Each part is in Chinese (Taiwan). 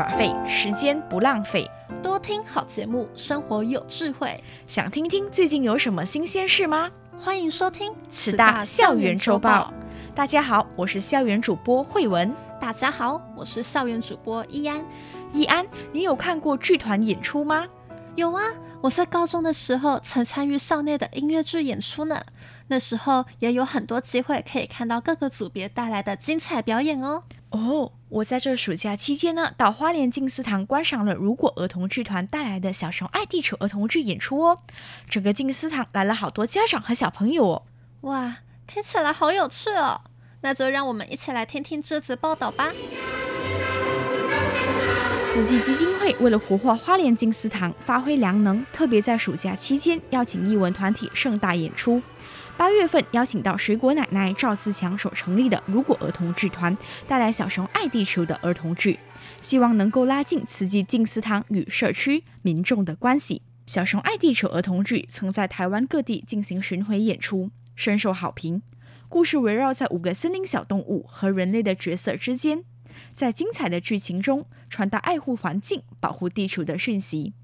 耍廢，時間不浪費，多聽好節目，生活有智慧。想聽聽最近有什麼新鮮事嗎？歡迎收聽慈大校園週報。大家好，我是校園主播惠雯。大家好，我是校園主播逸安。逸安，你有看過劇團演出嗎？有啊，我在高中的時候曾參與校內的音樂劇演出呢。那時候也有很多機會可以看到各個組別帶來的精彩表演哦。哦，oh, 我在這暑假期間呢，到花蓮靜思堂觀賞了如果兒童劇團帶來的《小熊愛地球》兒童劇演出哦。整個靜思堂來了好多家長和小朋友哦。哇，聽起來好有趣哦！那就讓我們一起來聽聽這次報道吧。慈濟基金會為了活化花蓮靜思堂，發揮良能，特別在暑假期間邀請藝文團體盛大演出。八月份邀請到水果奶奶趙自強所成立的“如果兒童劇團”，帶來《小熊愛地球》的兒童劇，希望能夠拉近慈濟靜思堂與社區民眾的關係。《小熊愛地球》兒童劇曾在台灣各地進行巡回演出，深受好評。故事圍繞在五個森林小動物和人類的角色之間，在精彩的劇情中傳達愛護環境、保護地球的訊息。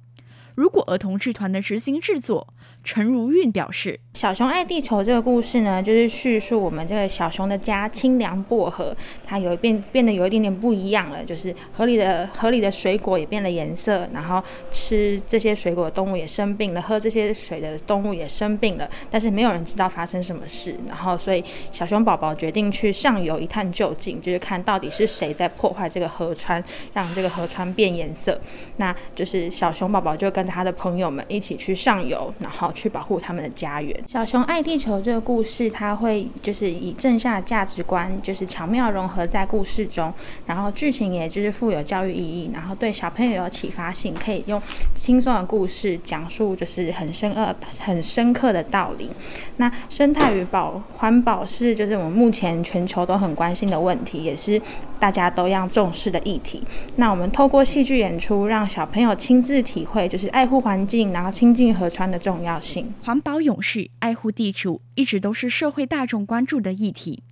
如果兒童劇團的執行制作。陳如韻表示：“小熊愛地球這個故事呢，就是敘述我們這個小熊的家清涼薄荷，它有一變變得有一點點不一樣了。就是河裡的河裡的水果也變了顏色，然後吃這些水果的動物也生病了，喝這些水的動物也生病了。但是沒有人知道發生什麼事。然後，所以小熊寶寶決定去上游一探究竟，就是看到底是誰在破壞這個河川，讓這個河川變顏色。那就是小熊寶寶就跟他的朋友們一起去上游，然後。”去保護他們的家園。小熊愛地球這個故事，它會就是以正向的價值觀，就是巧妙融合在故事中，然後劇情也就是富有教育意義，然後對小朋友有啟發性，可以用輕鬆的故事講述就是很深奧很深刻的道理。那生態與保環保是就是我們目前全球都很關心的問題，也是大家都要重視的議題。那我們透過戲劇演出，讓小朋友親自體會就是愛護環境，然後親近河川的重要性。請環保勇士愛護地球一直都是社會大眾關注的議題。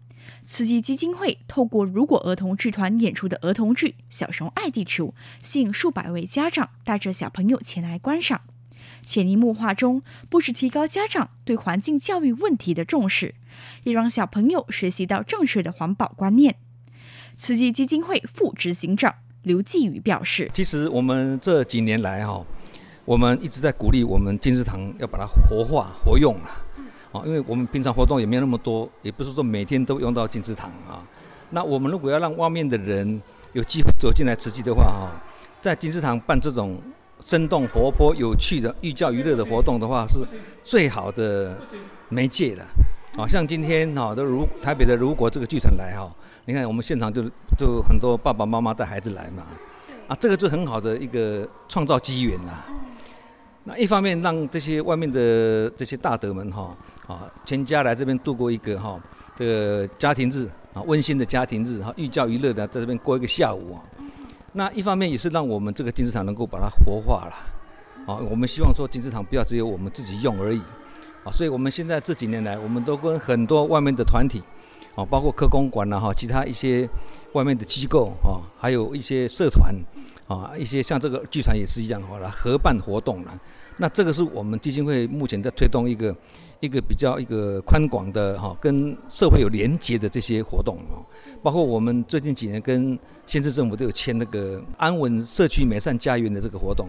慈濟基金會透過如果兒童劇團演出的兒童劇《小熊愛地球》，吸引數百位家長帶着小朋友前來觀賞，潛移默化中，不只提高家長對環境教育問題的重視，也讓小朋友學習到正確的環保觀念。慈濟基金會副執行長劉繼宇表示：“其實我們這幾年來、哦，哈。”我們一直在鼓勵我們靜思堂要把它活化、活用啊！啊，因為我們平常活動也沒有那麼多，也不是說每天都用到靜思堂啊。那我們如果要讓外面的人有機會走進來慈濟的話哈、啊，在靜思堂辦這種生動活潑、有趣的寓教於樂的活動的話，是最好的媒介了、啊。好像今天啊，都如台北的如果這個劇團來哈、啊，你看我們現場就就很多爸爸媽媽帶孩子來嘛，啊，這個就很好的一個創造機緣吶、啊。那一方面，讓這些外面的這些大德們哈、啊，全家來這邊度過一個哈、哦、這個家庭日啊，溫馨的家庭日哈、啊，寓教於樂的，在這邊過一個下午啊。那一方面也是讓我們這個金字塔能夠把它活化了啊。我們希望說，金字塔不要只有我們自己用而已啊。所以我們現在這幾年來，我們都跟很多外面的團體啊，包括科工館了哈，其他一些外面的機構啊，還有一些社團。啊，一些像這個劇團也是一樣哈，來合辦活動了。那這個是我們基金會目前在推動一個一個比較一個寬廣的哈，跟社會有連結的這些活動哦。包括我們最近幾年跟縣市政府都有簽那個安穩社區美善家園的這個活動，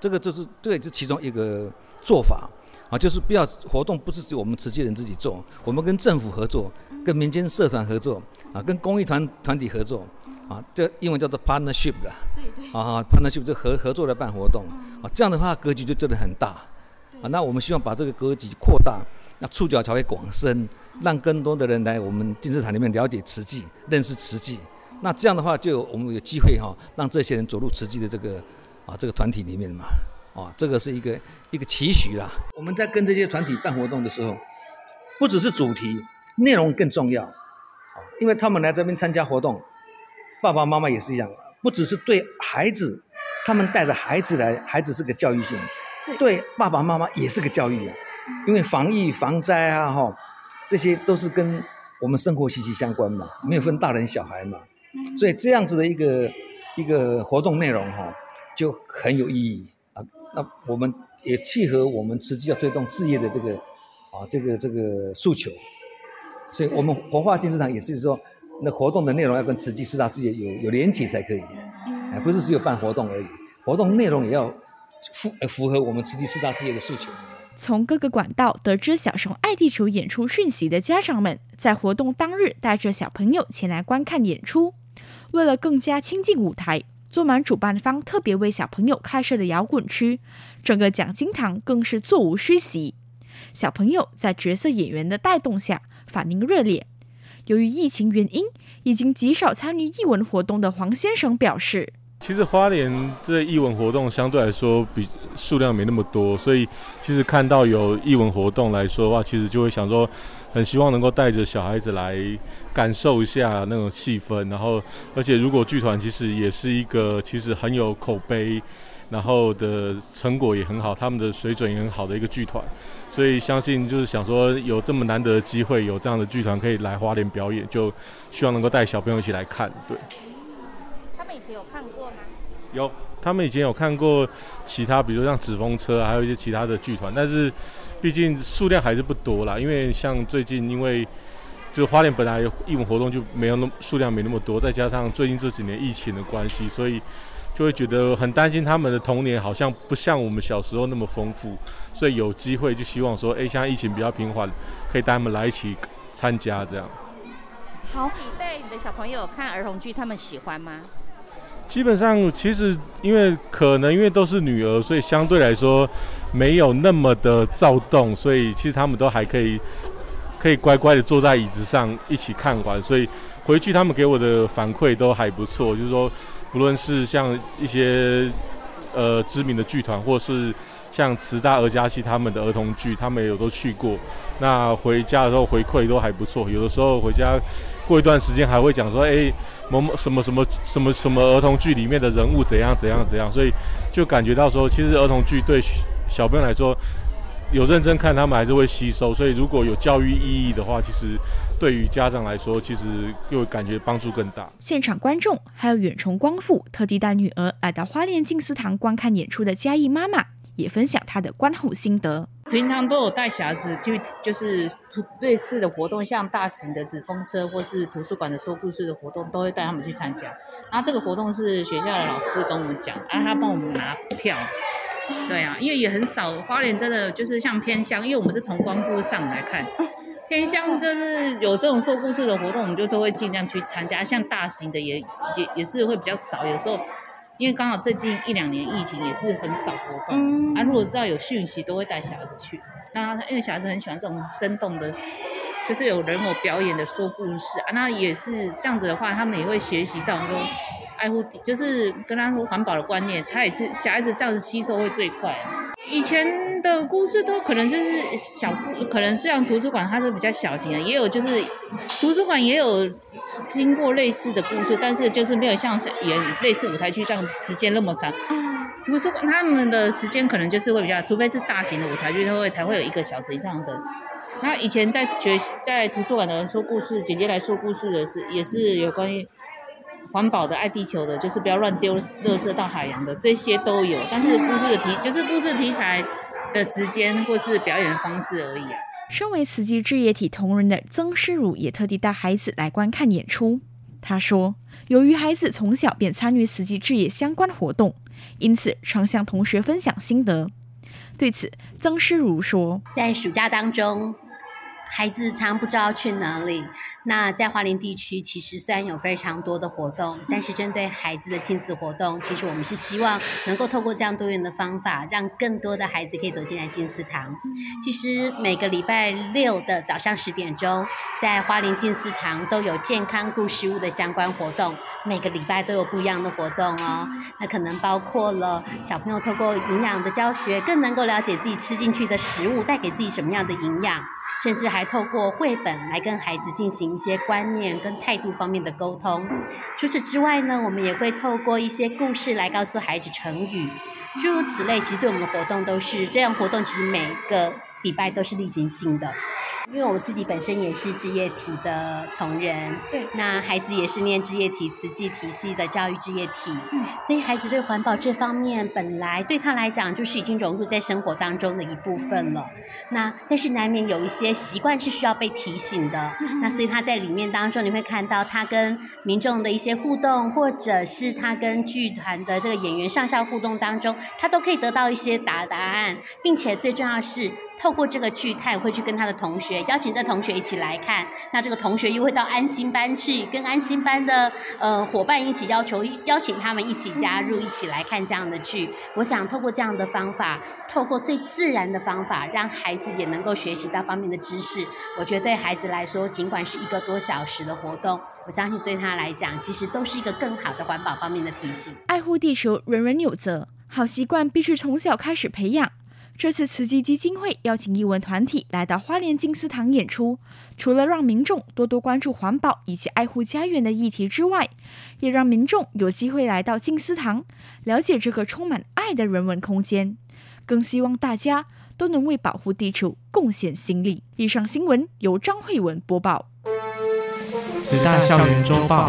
這個就是這也是其中一個做法啊，就是不要活動不是只有我們慈濟人自己做，我們跟政府合作，跟民間社團合作啊，跟公益團團體合作。啊，這英文叫做 partnership 啦，對對，對啊，partnership 就合合作來辦活動，嗯、啊，這樣的話格局就真的很大，對啊，那我們希望把這個格局擴大，那觸角才會廣深，嗯、讓更多的人來我們金字塔裡面了解慈濟，認識慈濟，嗯、那這樣的話就有我們有機會哈、啊，讓這些人走入慈濟的這個啊這個團體裡面嘛，啊，這個是一個一個期許啦。我們在跟這些團體辦活動的時候，不只是主題，內容更重要，啊，因為他們來這邊參加活動。爸爸媽媽也是一樣，不只是對孩子，他們帶着孩子來，孩子是個教育性，對爸爸媽媽也是個教育啊。因為防疫、防災啊，哈，這些都是跟我們生活息息相關嘛，沒有分大人小孩嘛。所以這樣子的一個一個活動內容哈、啊，就很有意義啊。那我們也契合我們實際要推動志業的這個啊，這個這個訴求。所以我們活化靜思堂也是說。那活動的內容要跟慈濟四大志業有有連結，才可以，哎，不是只有辦活動而已，活動內容也要符符合我們慈濟四大志業的訴求。從各個管道，得知小熊愛地球演出訊息的家長們，在活動當日帶着小朋友前來觀看演出，為了更加親近舞台，坐滿主辦方特別為小朋友開設的搖滾區，整個講經堂更是座無虛席。小朋友在角色演員的帶動下，反應熱烈。由於疫情原因，已經極少參與藝文活動的黃先生表示：“其實花蓮這藝文活動相對來說比數量沒那麼多，所以其實看到有藝文活動來說的話，其實就會想說。”很希望能夠帶着小孩子來感受一下那種氣氛，然後，而且如果劇團其實也是一個其實很有口碑，然後的成果也很好，他們的水準也很好的一個劇團，所以相信就是想說有這麼難得的機會，有這樣的劇團可以來花蓮表演，就希望能夠帶小朋友一起來看。對，他們以前有看過嗎？有，他們以前有看過其他，比如說像紙風車，還有一些其他的劇團，但是。畢竟數量還是不多啦，因為像最近，因為就花蓮本來藝文活動就沒有那麼數量沒那麼多，再加上最近這幾年疫情的關係，所以就會覺得很擔心他們的童年好像不像我們小時候那麼豐富，所以有機會就希望說，哎、欸，現在疫情比較平緩，可以帶他們來一起參加這樣。好，你帶你的小朋友看兒童劇，他們喜歡嗎？基本上，其實因為可能因為都是女兒，所以相對來說沒有那麼的躁動，所以其實他們都還可以可以乖乖的坐在椅子上一起看完。所以回去他們給我的反饋都還不錯，就是說不論是像一些呃知名的劇團，或是像慈大、兒家系他們的兒童劇，他們也有都去過。那回家的時候回饋都還不錯，有的時候回家。過一段時間還會講說，哎，某某什麼什麼什麼什麼兒童劇裡面的人物怎樣怎樣怎樣，所以就感覺到說，其實兒童劇對小朋友來說，有認真看，他們還是會吸收。所以如果有教育意義的話，其實對於家長來說，其實又感覺幫助更大。現場觀眾還有遠從光復，特地帶女兒來到花蓮靜思堂觀看演出的嘉義媽媽，也分享她的觀後心得。平常都有帶小孩子去，就是類似的活動，像大型的紙風車或是圖書館的說故事的活動，都會帶他們去參加。然後這個活動是學校的老師跟我們講，啊，他幫我們拿票。對啊，因為也很少，花蓮真的就是像偏鄉，因為我們是從光復上來看，偏鄉就是有這種說故事的活動，我們就都會盡量去參加。像大型的也也也是會比較少，有時候。因為剛好最近一兩年疫情也是很少活動，啊，如果知道有訊息，都會帶小孩子去。那因為小孩子很喜歡這種生動的，就是有人偶表演的說故事啊，那也是這樣子的話，他們也會學習到說愛護，就是跟他說環保的觀念，他也是小孩子這樣子吸收會最快，啊。以前。的故事都可能就是小，可能這樣圖書館它是比較小型的，也有就是圖書館也有聽過類似的故事，但是就是沒有像演類似舞台劇這樣時間那麼長。圖書館他們的時間可能就是會比較，除非是大型的舞台劇，它會才會有一個小時以上的。那以前在學在圖書館的人說故事，姐姐來說故事的是也是有關於環保的、愛地球的，就是不要亂丟垃圾到海洋的這些都有，但是故事的題就是故事題材的時間或是表演方式而已啊。身為慈濟志業體同仁的曾詩如也特地帶孩子來觀看演出。他說：“由於孩子從小便參與慈濟志業相關活動，因此常向同學分享心得。”對此，曾詩如說：“在暑假當中。”孩子常不知道去哪裡。那在花蓮地區，其實雖然有非常多的活動，但是針對孩子的親子活動，其實我們是希望能夠透過這樣多元的方法，讓更多的孩子可以走進來靜思堂。其實每個禮拜六的早上十點鐘，在花蓮靜思堂都有健康故事物的相關活動，每個禮拜都有不一樣的活動哦。那可能包括了小朋友透過營養的教學，更能夠了解自己吃進去的食物帶給自己什麼樣的營養，甚至還。透過繪本來跟孩子進行一些觀念跟態度方面的溝通。除此之外呢，我們也會透過一些故事來告訴孩子成語，諸如此類。其實對我們的活動都是這樣，活動其實每個禮拜都是例行性的。因為我們自己本身也是志業體的同仁，對，那孩子也是念志業體、慈濟體系的教育志業體，嗯，所以孩子對環保這方面本來對他來講就是已經融入在生活當中的一部分了。嗯、那但是難免有一些習慣是需要被提醒的，嗯、那所以他在裡面當中你會看到他跟民眾的一些互動，或者是他跟劇團的這個演員上下互動當中，他都可以得到一些答答案，並且最重要的是透過這個劇，他也會去跟他的同。同學邀請這同學一起來看，那這個同學又會到安親班去，跟安親班的呃夥伴一起要求邀請他們一起加入，一起來看這樣的劇。嗯、我想透過這樣的方法，透過最自然的方法，讓孩子也能夠學習這方面的知識。我覺得對孩子來說，儘管是一個多小時的活動，我相信對他來講，其實都是一個更好的環保方面的提醒。愛護地球，人人有責，好習慣必須從小開始培養。這次慈濟基金會邀請藝文團體來到花蓮靜思堂演出，除了讓民眾多多關注環保以及愛護家園的議題之外，也讓民眾有機會來到靜思堂，了解這個充滿愛的人文空間。更希望大家都能為保護地球貢獻心力。以上新聞由張惠雯播報。慈大校園周報。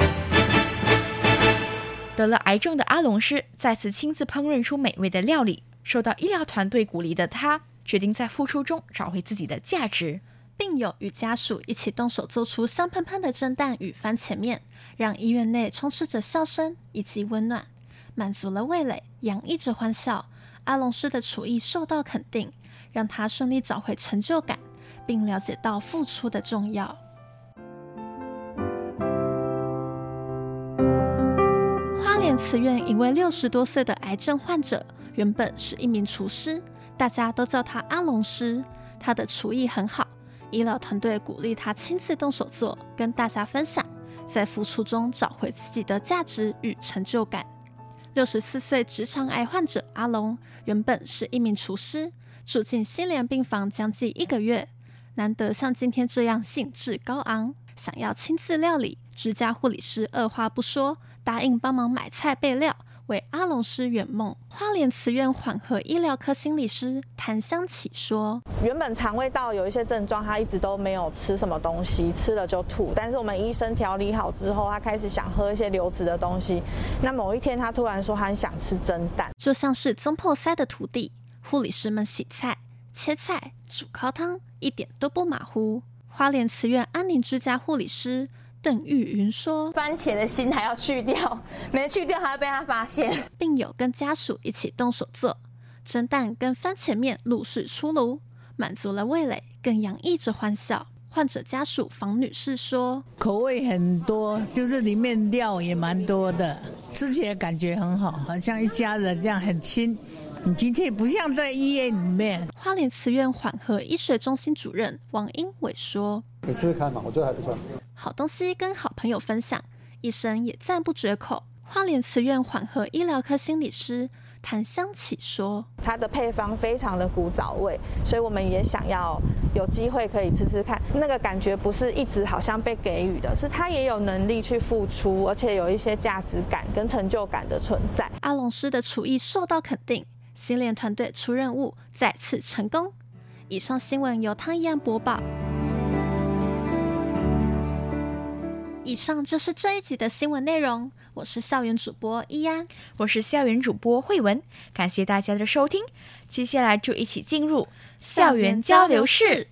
得了癌症的阿龍師再次親自烹飪出美味的料理。受到醫療團隊鼓勵的他，決定在付出中找回自己的價值。病友與家屬一起動手做出香噴噴的蒸蛋與番茄麵，讓醫院內充斥着笑聲以及溫暖，滿足了味蕾，洋溢着歡笑。阿龍師的廚藝受到肯定，讓他順利找回成就感，並了解到付出的重要。花蓮慈院一位六十多歲的癌症患者。原本是一名廚師，大家都叫他阿龍師。他的廚藝很好，醫療團隊鼓勵他親自動手做，跟大家分享，在付出中找回自己的價值與成就感。六十四歲直腸癌患者阿龍，原本是一名廚師，住進心蓮病房將近一個月，難得像今天這樣興致高昂，想要親自料理。居家護理師二話不說，答應幫忙買菜備料。為阿龍師圓夢。花蓮慈院緩和醫療科心理師譚香綺說：“原本腸胃道有一些症狀，他一直都沒有吃什麼東西，吃了就吐。但是我們醫生調理好之後，他開始想喝一些流質的東西。那某一天，他突然說他很想吃蒸蛋，就像是總舖師的徒弟。護理師們洗菜、切菜、煮高湯，一點都不馬虎。花蓮慈院安寧之家護理師。”鄧玉雲說：“番茄的心還要去掉，沒去掉還要被他發現，病友跟家屬一起動手做，蒸蛋跟番茄麵陸續出爐，滿足了味蕾，更洋溢着歡笑。”患者家屬房女士說：“口味很多，就是裡面料也蠻多的，吃起來感覺很好，好像一家人這樣很親。”你今天也不像在醫院裡面。花蓮慈院緩和醫學中心主任王英偉說：“你試試看嘛，我覺得還不錯。”好東西跟好朋友分享，醫生也讚不絕口。花蓮慈院緩和醫療科心理師譚香琪說：“它的配方非常的古早味，所以我們也想要有機會可以吃吃看。那個感覺不是一直好像被給予的，是它也有能力去付出，而且有一些價值感跟成就感的存在。”阿龍師的廚藝受到肯定。心蓮團隊出任務，再次成功。以上新聞由湯逸安播報。以上就是這一集的新聞內容。我是校園主播逸安，我是校園主播惠雯，感謝大家的收聽。接下來就一起進入校園交流室。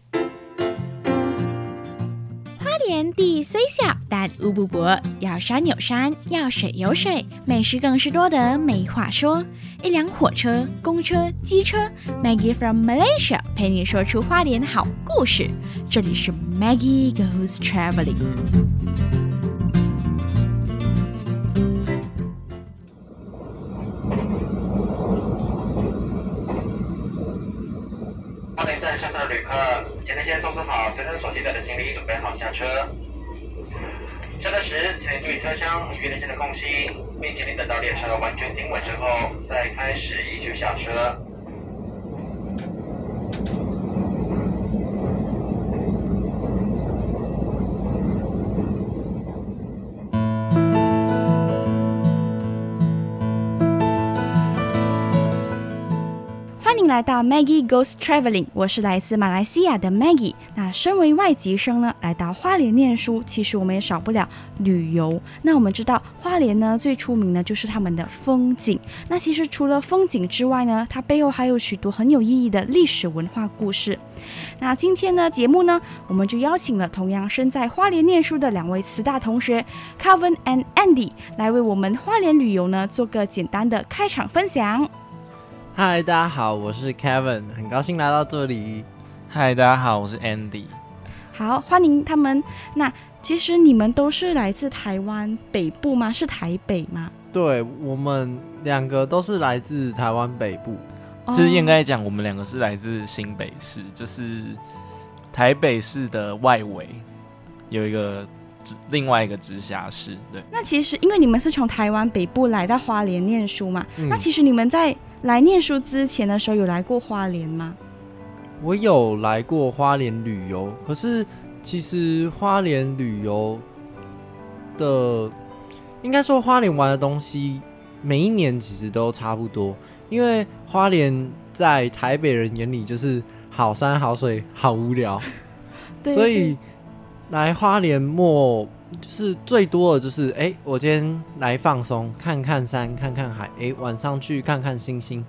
天地雖小，但物不薄。要山有山，要水有水，美食更是多得沒話說。一輛火車、公車、機車，Maggie from Malaysia 陪你說出花蓮好故事。這裡是 Maggie Goes Travelling。站站下車上的旅客，請您先收拾好隨身所攜帶的，的行李，準備好下車。下車時，請您注意車廂與列車的空隙，並請您等到列車完全停穩之後，再開始依序下車。來到 Maggie Goes Traveling，我是來自馬來西亞的 Maggie。那身為外籍生呢，來到花蓮念書，其實我們也少不了旅遊。那我們知道花蓮呢，最出名的就是他們的風景。那其實除了風景之外呢，它背後還有許多很有意義的歷史文化故事。那今天呢，節目呢，我們就邀請了同樣身在花蓮念書的兩位慈大同學 Kevin 和 and Andy 來為我們花蓮旅遊呢，做個簡單的開場分享。嗨，Hi, 大家好，我是 Kevin，很高興來到這裡。嗨，大家好，我是 Andy。好，歡迎他們。那其實你們都是來自台灣北部嗎？是台北嗎？對，我們兩個都是來自台灣北部。Oh. 就是應該講，我們兩個是來自新北市，就是台北市的外圍有一個另外一個直轄市。對。那其實因為你們是從台灣北部來到花蓮念書嘛？嗯，那其實你們在。來念書之前的時候有來過花蓮嗎？我有來過花蓮旅遊，可是其實花蓮旅遊的，應該說花蓮玩的東西每一年其實都差不多，因為花蓮在台北人眼裡就是好山好水好無聊， 對對，所以。來花蓮嘛，就是最多的就是哎，我今天來放鬆，看看山，看看海，哎，晚上去看看星星。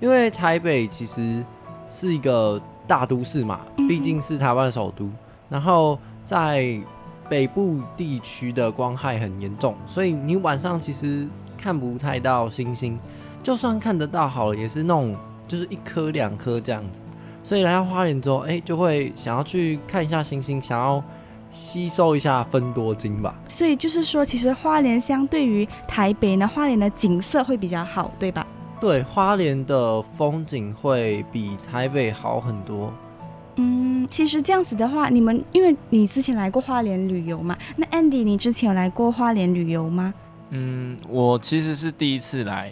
因為台北其實是一個大都市嘛，畢竟是台灣首都，然後在北部地區的光害很嚴重，所以你晚上其實看不太到星星，就算看得到好了，也是那種就是一顆兩顆這樣子。所以來到花蓮之後，哎，就會想要去看一下星星，想要。吸收一下芬多精吧。所以就是說，其實花蓮相對於台北呢，花蓮的景色會比較好，對吧？對，花蓮的風景會比台北好很多。嗯，其實這樣子的話，你們因為你之前來過花蓮旅遊嘛，那 Andy 你之前有來過花蓮旅遊嗎？嗯，我其實是第一次來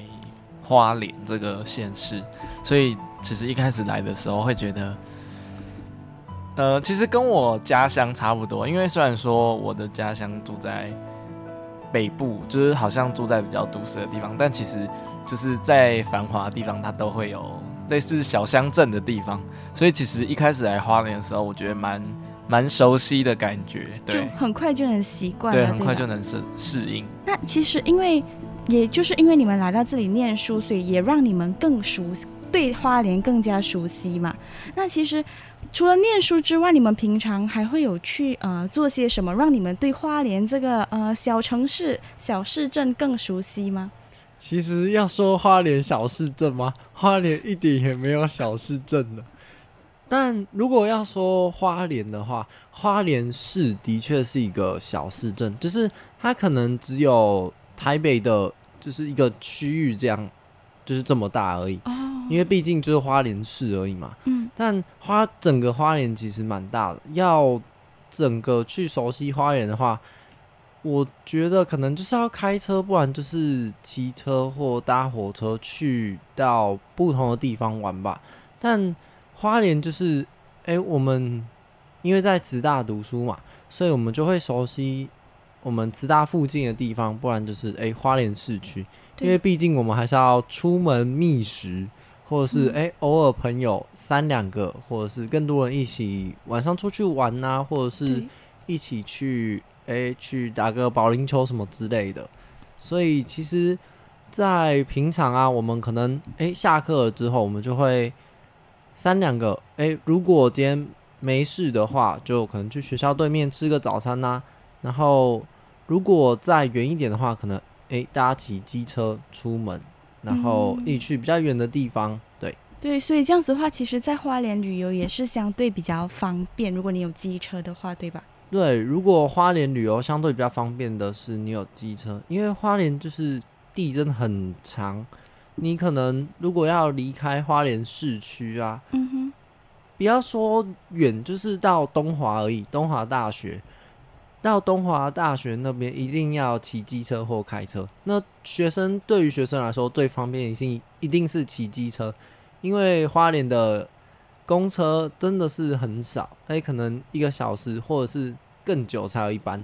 花蓮這個縣市，所以其實一開始來的時候會覺得。呃，其實跟我家鄉差不多，因為雖然說我的家鄉住在北部，就是好像住在比較都市的地方，但其實就是在繁華的地方，它都會有類似小鄉鎮的地方。所以其實一開始來花蓮的時候，我覺得蠻蠻熟悉的感覺，對，就很快就能習慣，對，很快就能適適應。那其實因為也就是因為你們來到這裡念書，所以也讓你們更熟悉，對花蓮更加熟悉嘛。那其實。除了念書之外，你們平常還會有去呃做些什麼，讓你們對花蓮這個呃小城市小市鎮更熟悉嗎？其實要說花蓮小市鎮嗎？花蓮一點也沒有小市鎮的。但如果要說花蓮的話，花蓮市的確是一個小市鎮，就是它可能只有台北的就是一個區域這樣，就是這麼大而已。哦因為畢竟就是花蓮市而已嘛，嗯，但花整個花蓮其實蠻大的，要整個去熟悉花蓮的話，我覺得可能就是要開車，不然就是騎車或搭火車去到不同的地方玩吧。但花蓮就是，誒、欸，我們因為在慈大讀書嘛，所以我們就會熟悉我們慈大附近的地方，不然就是誒、欸，花蓮市區，對因為畢竟我們還是要出門覓食。或者是哎、欸，偶爾朋友三兩個，或者是更多人一起晚上出去玩吶、啊，或者是一起去哎、欸、去打個保齡球什麼之類的。所以其實，在平常啊，我們可能哎、欸、下課了之後，我們就會三兩個哎、欸，如果今天沒事的話，就可能去學校對面吃個早餐吶、啊。然後如果再遠一點的話，可能哎大家騎機車出門。然後你去比較遠的地方，嗯、對對，所以這樣子的話，其實，在花蓮旅遊也是相對比較方便。如果你有機車的話，對吧？對，如果花蓮旅遊相對比較方便的是你有機車，因為花蓮就是地真的很長，你可能如果要離開花蓮市區啊，嗯哼，不要說遠，就是到東華而已，東華大學。到東華大學那邊一定要騎機車或開車。那學生對於學生來說，最方便一定一定是騎機車，因為花蓮的公車真的是很少，哎、欸，可能一個小時或者是更久才有一班。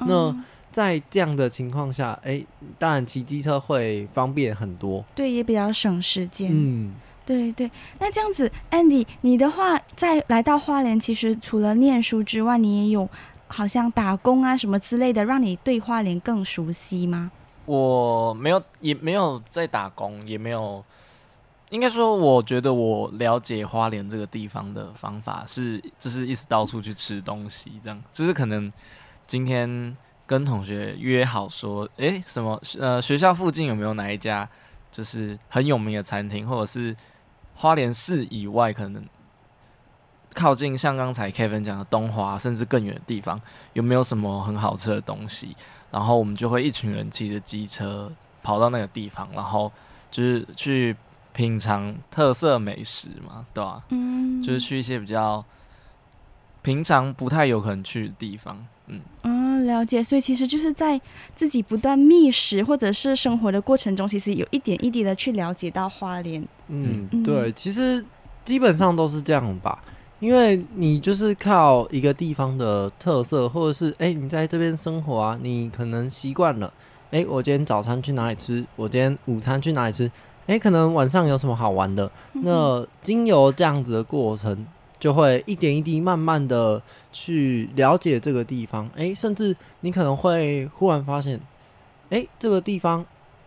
嗯、那在這樣的情況下，哎、欸，當然騎機車會方便很多，對，也比較省時間。嗯，對對。那這樣子，Andy，你的話在來到花蓮，其實除了念書之外，你也有。好像打工啊什麼之類的，讓你對花蓮更熟悉嗎？我沒有，也沒有在打工，也沒有。應該說，我覺得我了解花蓮這個地方的方法是，就是一直到處去吃東西，這樣。就是可能今天跟同學約好說，哎、欸，什麼？呃，學校附近有沒有哪一家就是很有名的餐廳，或者是花蓮市以外可能？靠近像剛才 Kevin 講的東華，甚至更遠的地方，有沒有什麼很好吃的東西？然後我們就會一群人騎着機車跑到那個地方，然後就是去品嘗特色美食嘛，對吧、啊？嗯，就是去一些比較平常不太有可能去的地方。嗯，嗯，了解。所以其實就是在自己不斷覓食或者是生活的過程中，其實有一點一滴的去了解到花蓮。嗯，嗯對，其實基本上都是這樣吧。因為你就是靠一個地方的特色，或者是欸，你在這邊生活啊，你可能習慣了。欸，我今天早餐去哪裡吃？我今天午餐去哪裡吃？欸，可能晚上有什麼好玩的？那經由這樣子的過程，就會一點一滴慢慢的去了解這個地方。欸，甚至你可能會忽然發現，欸，這個地方。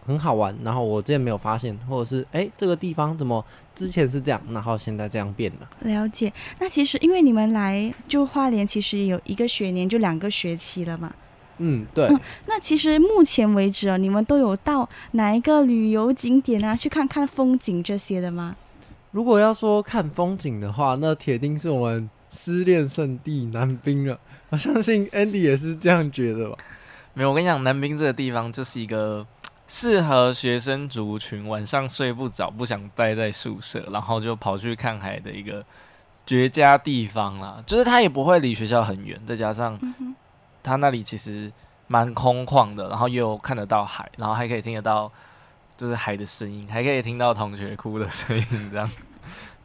很好玩，然後我之前沒有發現，或者是哎、欸，這個地方怎麼之前是這樣，然後現在這樣變了？了解。那其實因為你們來就花蓮，其實有一個學年就兩個學期了嘛。嗯，對嗯。那其實目前為止啊，你們都有到哪一個旅遊景點啊，去看看風景這些的嗎？如果要說看風景的話，那鐵定是我們失戀聖地南濱了。我相信 Andy 也是這樣覺得吧？沒有，我跟你講，南濱這個地方就是一個。適合學生族群，晚上睡不着，不想待在宿舍，然後就跑去看海的一個絕佳地方啦。就是它也不會離學校很遠，再加上它那裡其實蠻空曠的，然後又看得到海，然後還可以聽得到就是海的聲音，還可以聽到同學哭的聲音這樣。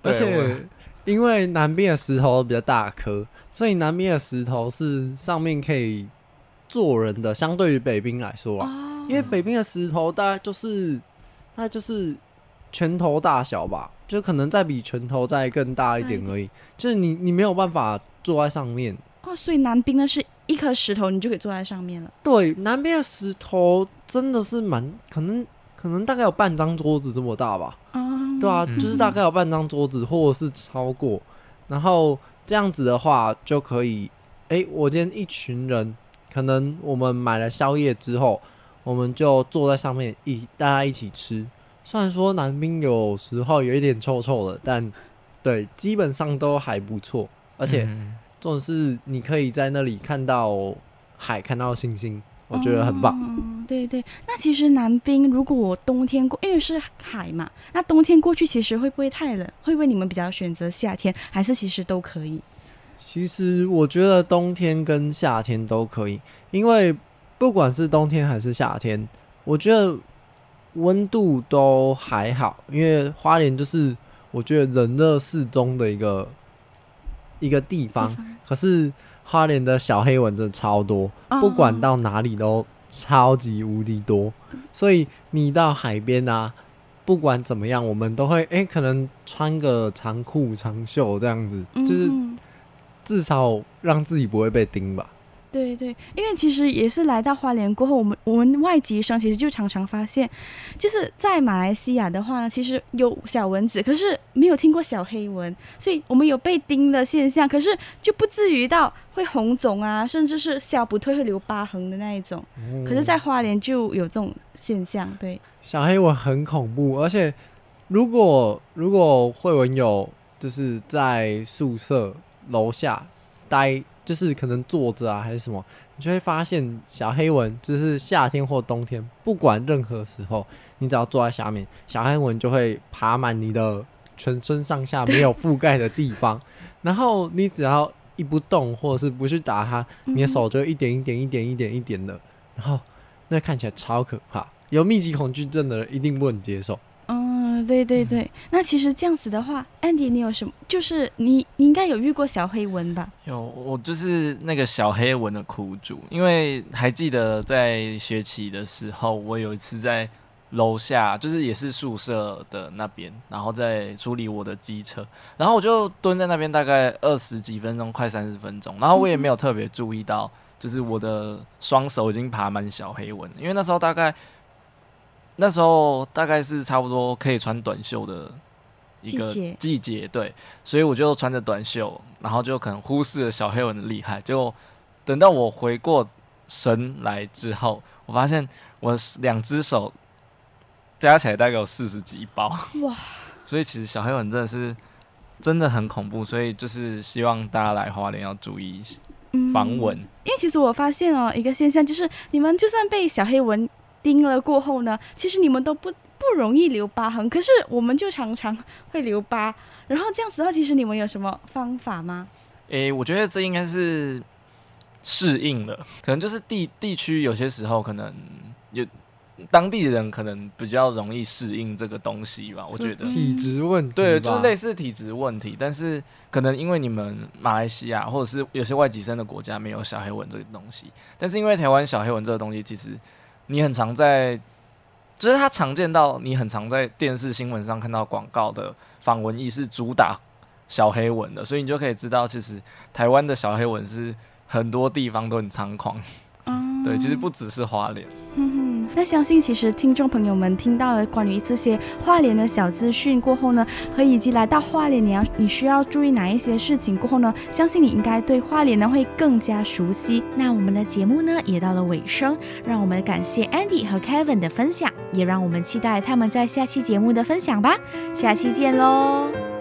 而且因為南邊的石頭比較大顆，所以南邊的石頭是上面可以坐人的，相對於北邊來說，啊。因為北濱的石頭大概就是，那就是拳頭大小吧，就可能再比拳頭再更大一點而已。就是你你沒有辦法坐在上面啊，所以南濱呢是一顆石頭，你就可以坐在上面了。對，南濱的石頭真的是蠻可能，可能大概有半張桌子這麼大吧。啊，對啊，就是大概有半張桌子或者是超過，然後這樣子的話就可以。哎，我今天一群人，可能我們買了宵夜之後。我們就坐在上面一大家一起吃，雖然說南濱有時候有一點臭臭的，但對，基本上都還不錯。而且，重點是你可以在那裡看到海，看到星星，我覺得很棒。嗯、對對，那其實南濱如果冬天過，因為是海嘛，那冬天過去其實會不會太冷？會不會你們比較選擇夏天？還是其實都可以？其實我覺得冬天跟夏天都可以，因為。不管是冬天還是夏天，我覺得溫度都還好，因為花蓮就是我覺得人熱適中的一個一個地方。可是花蓮的小黑蚊真的超多，不管到哪裡都超級無敵多。所以你到海邊啊，不管怎麼樣，我們都會哎、欸，可能穿個長褲長袖這樣子，就是至少讓自己不會被叮吧。對對，因為其實也是來到花蓮過後，我們我們外籍生其實就常常發現，就是在馬來西亞的話呢，其實有小蚊子，可是沒有聽過小黑蚊，所以我們有被叮的現象，可是就不至於到會紅腫啊，甚至是消不退會留疤痕的那一種。嗯、可是，在花蓮就有這種現象，對。小黑蚊很恐怖，而且如果如果會蚊友就是在宿舍樓下待。就是可能坐着啊，還是什麼，你就會發現小黑蚊。就是夏天或冬天，不管任何時候，你只要坐在下面，小黑蚊就會爬滿你的全身上下沒有覆蓋的地方。對，然後你只要一不動，或者是不去打它，你的手就一點一點、一點一點、一點的，然後那看起來超可怕。有密集恐懼症的人一定不能接受。對對對，那其實這樣子的話，Andy 你有什麼？就是你你應該有遇過小黑蚊吧？有，我就是那個小黑蚊的苦主。因為還記得在學期的時候，我有一次在樓下，就是也是宿舍的那邊，然後在處理我的機車，然後我就蹲在那邊大概二十幾分鐘，快三十分鐘，然後我也沒有特別注意到，就是我的雙手已經爬滿小黑蚊，因為那時候大概。那時候大概是差不多可以穿短袖的一個季節，對，所以我就穿着短袖，然後就可能忽視了小黑蚊的厲害。結果等到我回過神來之後，我發現我兩隻手加起來大概有四十幾包哇！所以其實小黑蚊真的是真的很恐怖，所以就是希望大家來花蓮要注意防蚊。嗯，因為其實我發現哦，一個現象就是你們就算被小黑蚊。叮了過後呢，其實你們都不不容易留疤痕，可是我們就常常會留疤。然後這樣子的話，其實你們有什麼方法嗎？誒、欸，我覺得這應該是適應了，可能就是地地區有些時候可能有當地的人可能比較容易適應這個東西吧。我覺得體質問題、嗯、對，就是類似體質問題。嗯、但是可能因為你們馬來西亞或者是有些外籍生的國家沒有小黑蚊這個東西，但是因為台灣小黑蚊這個東西，其實你很常在，就是他常見到，你很常在電視新聞上看到廣告的訪問，也是主打小黑蚊的，所以你就可以知道，其實台灣的小黑蚊是很多地方都很猖狂。對，其實不只是花蓮，嗯哼。那相信其實聽眾朋友們聽到了關於這些花蓮的小資訊過後呢，和以及來到花蓮你要你需要注意哪一些事情過後呢，相信你應該對花蓮呢會更加熟悉。那我們的節目呢也到了尾聲，讓我們感謝 Andy 和 Kevin 的分享，也讓我們期待他們在下期節目的分享吧。下期見嘍！